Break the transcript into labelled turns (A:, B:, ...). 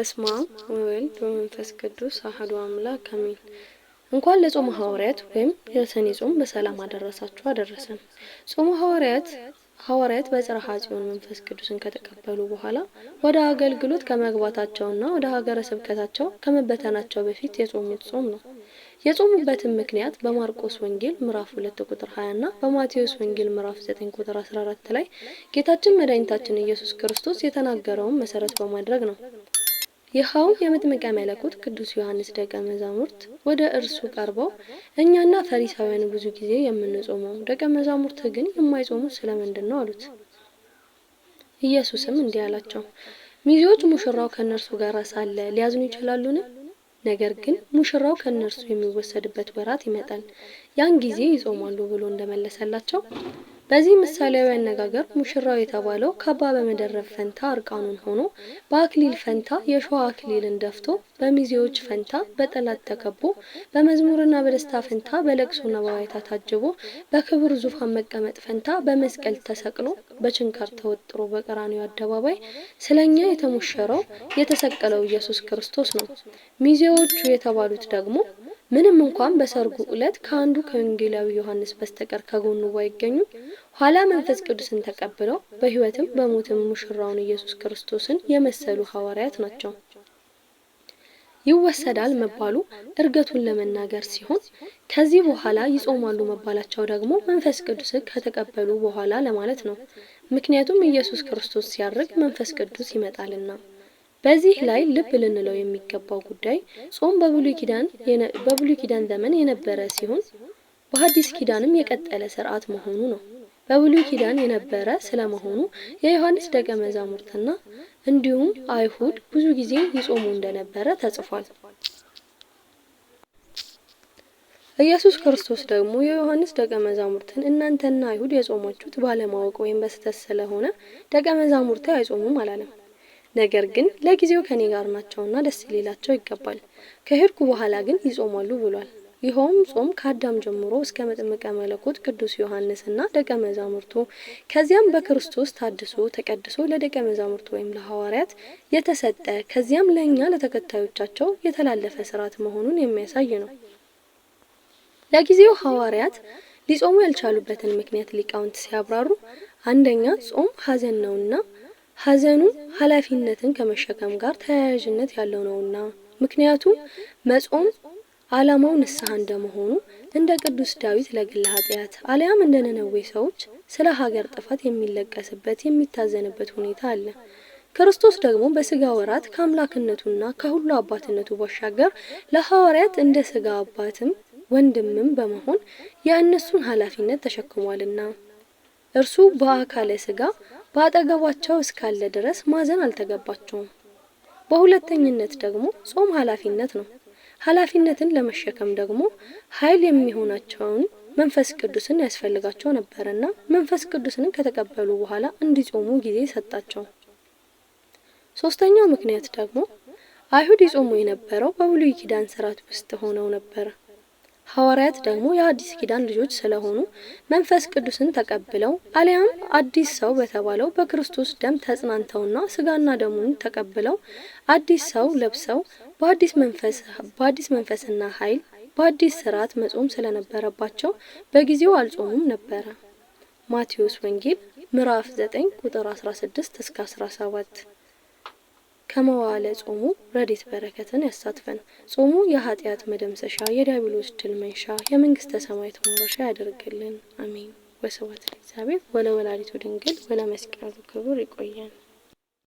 A: በስመ አብ ወወልድ ወመንፈስ ቅዱስ አሐዱ አምላክ አሜን። እንኳን ለጾመ ሐዋርያት ወይም የሰኔ ጾም በሰላም አደረሳችሁ አደረሰን። ጾመ ሐዋርያት ሐዋርያት በጽርሐ ጽዮን መንፈስ ቅዱስን ከተቀበሉ በኋላ ወደ አገልግሎት ከመግባታቸውና ወደ ሀገረ ስብከታቸው ከመበተናቸው በፊት የጾሙት ጾም ነው። የጾሙበትን ምክንያት በማርቆስ ወንጌል ምዕራፍ 2 ቁጥር 20 እና በማቴዎስ ወንጌል ምዕራፍ 9 ቁጥር 14 ላይ ጌታችን መድኃኒታችን ኢየሱስ ክርስቶስ የተናገረውን መሰረት በማድረግ ነው። ይኸው የመጥምቀ መለኮት ቅዱስ ዮሐንስ ደቀ መዛሙርት ወደ እርሱ ቀርበው እኛና ፈሪሳውያን ብዙ ጊዜ የምንጾመው ደቀ መዛሙርት ግን የማይጾሙት ስለምንድን ነው አሉት። ኢየሱስም እንዲህ አላቸው፣ ሚዜዎች ሙሽራው ከእነርሱ ጋር ሳለ ሊያዝኑ ይችላሉን? ነገር ግን ሙሽራው ከእነርሱ የሚወሰድበት ወራት ይመጣል፣ ያን ጊዜ ይጾማሉ ብሎ እንደመለሰላቸው በዚህ ምሳሌያዊ አነጋገር ሙሽራው የተባለው ካባ በመደረብ ፈንታ እርቃኑን ሆኖ በአክሊል ፈንታ የሸዋ አክሊልን ደፍቶ በሚዜዎች ፈንታ በጠላት ተከቦ በመዝሙርና በደስታ ፈንታ በለቅሶና በዋይታ ታጅቦ በክብር ዙፋን መቀመጥ ፈንታ በመስቀል ተሰቅሎ በችንካር ተወጥሮ በቀራንዮ አደባባይ ስለኛ የተሞሸረው የተሰቀለው ኢየሱስ ክርስቶስ ነው። ሚዜዎቹ የተባሉት ደግሞ ምንም እንኳን በሰርጉ ዕለት ከአንዱ ከወንጌላዊ ዮሐንስ በስተቀር ከጎኑ ባይገኙ ኋላ መንፈስ ቅዱስን ተቀብለው በሕይወትም በሞትም ሙሽራውን ኢየሱስ ክርስቶስን የመሰሉ ሐዋርያት ናቸው። ይወሰዳል መባሉ እርገቱን ለመናገር ሲሆን ከዚህ በኋላ ይጾማሉ መባላቸው ደግሞ መንፈስ ቅዱስን ከተቀበሉ በኋላ ለማለት ነው። ምክንያቱም ኢየሱስ ክርስቶስ ሲያርግ መንፈስ ቅዱስ ይመጣልና። በዚህ ላይ ልብ ልንለው የሚገባው ጉዳይ ጾም በብሉይ ኪዳን ዘመን የነበረ ሲሆን በሐዲስ ኪዳንም የቀጠለ ስርዓት መሆኑ ነው። በብሉይ ኪዳን የነበረ ስለመሆኑ የዮሐንስ ደቀ መዛሙርትና እንዲሁም አይሁድ ብዙ ጊዜ ይጾሙ እንደነበረ ተጽፏል። ኢየሱስ ክርስቶስ ደግሞ የዮሐንስ ደቀ መዛሙርትን እናንተና አይሁድ የጾማችሁት ባለማወቅ ወይም በስህተት ስለሆነ ደቀ መዛሙርት አይጾሙም አላለም። ነገር ግን ለጊዜው ከኔ ጋር ናቸውና ደስ ሊላቸው ይገባል። ከሄድኩ በኋላ ግን ይጾማሉ ብሏል። ይኸውም ጾም ከአዳም ጀምሮ እስከ መጥምቀ መለኮት ቅዱስ ዮሐንስና ደቀ መዛሙርቱ ከዚያም በክርስቶስ ታድሶ ተቀድሶ ለደቀ መዛሙርቱ ወይም ለሐዋርያት የተሰጠ ከዚያም ለእኛ ለተከታዮቻቸው የተላለፈ ስርዓት መሆኑን የሚያሳይ ነው። ለጊዜው ሐዋርያት ሊጾሙ ያልቻሉበትን ምክንያት ሊቃውንት ሲያብራሩ አንደኛ ጾም ሐዘን ነውና ሐዘኑ ኃላፊነትን ከመሸከም ጋር ተያያዥነት ያለው ነውና። ምክንያቱም መጾም ዓላማው ንስሐ እንደመሆኑ እንደ ቅዱስ ዳዊት ለግል ኃጢአት አሊያም እንደ ነነዌ ሰዎች ስለ ሀገር ጥፋት የሚለቀስበት የሚታዘንበት ሁኔታ አለ። ክርስቶስ ደግሞ በስጋ ወራት ከአምላክነቱና ከሁሉ አባትነቱ ባሻገር ለሐዋርያት እንደ ስጋ አባትም ወንድምም በመሆን የእነሱን ኃላፊነት ተሸክሟልና እርሱ በአካለ ስጋ በአጠገባቸው እስካለ ድረስ ማዘን አልተገባቸውም። በሁለተኝነት ደግሞ ጾም ኃላፊነት ነው። ኃላፊነትን ለመሸከም ደግሞ ኃይል የሚሆናቸውን መንፈስ ቅዱስን ያስፈልጋቸው ነበርና መንፈስ ቅዱስን ከተቀበሉ በኋላ እንዲጾሙ ጊዜ ሰጣቸው። ሶስተኛው ምክንያት ደግሞ አይሁድ ይጾሙ የነበረው በብሉይ ኪዳን ስርዓት ውስጥ ሆነው ነበር። ሐዋርያት ደግሞ የአዲስ ኪዳን ልጆች ስለሆኑ መንፈስ ቅዱስን ተቀብለው አሊያም አዲስ ሰው በተባለው በክርስቶስ ደም ተጽናንተውና ስጋና ደሙን ተቀብለው አዲስ ሰው ለብሰው በአዲስ መንፈስ በአዲስ መንፈስና ኃይል በአዲስ ስርዓት መጾም ስለነበረባቸው በጊዜው አልጾሙም ነበረ። ማቴዎስ ወንጌል ምዕራፍ 9 ቁጥር 16 እስከ 17 ከመዋለ ጾሙ ረዲት በረከትን ያሳትፈን። ጾሙ የኃጢአት መደምሰሻ፣ የዲያብሎስ ድል መንሻ፣ የመንግስተ ሰማያት መውረሻ ያደርግልን። አሜን። ወስብሐት ለእግዚአብሔር ወለወላዲቱ ድንግል ወለመስቀሉ ክቡር። ይቆያል።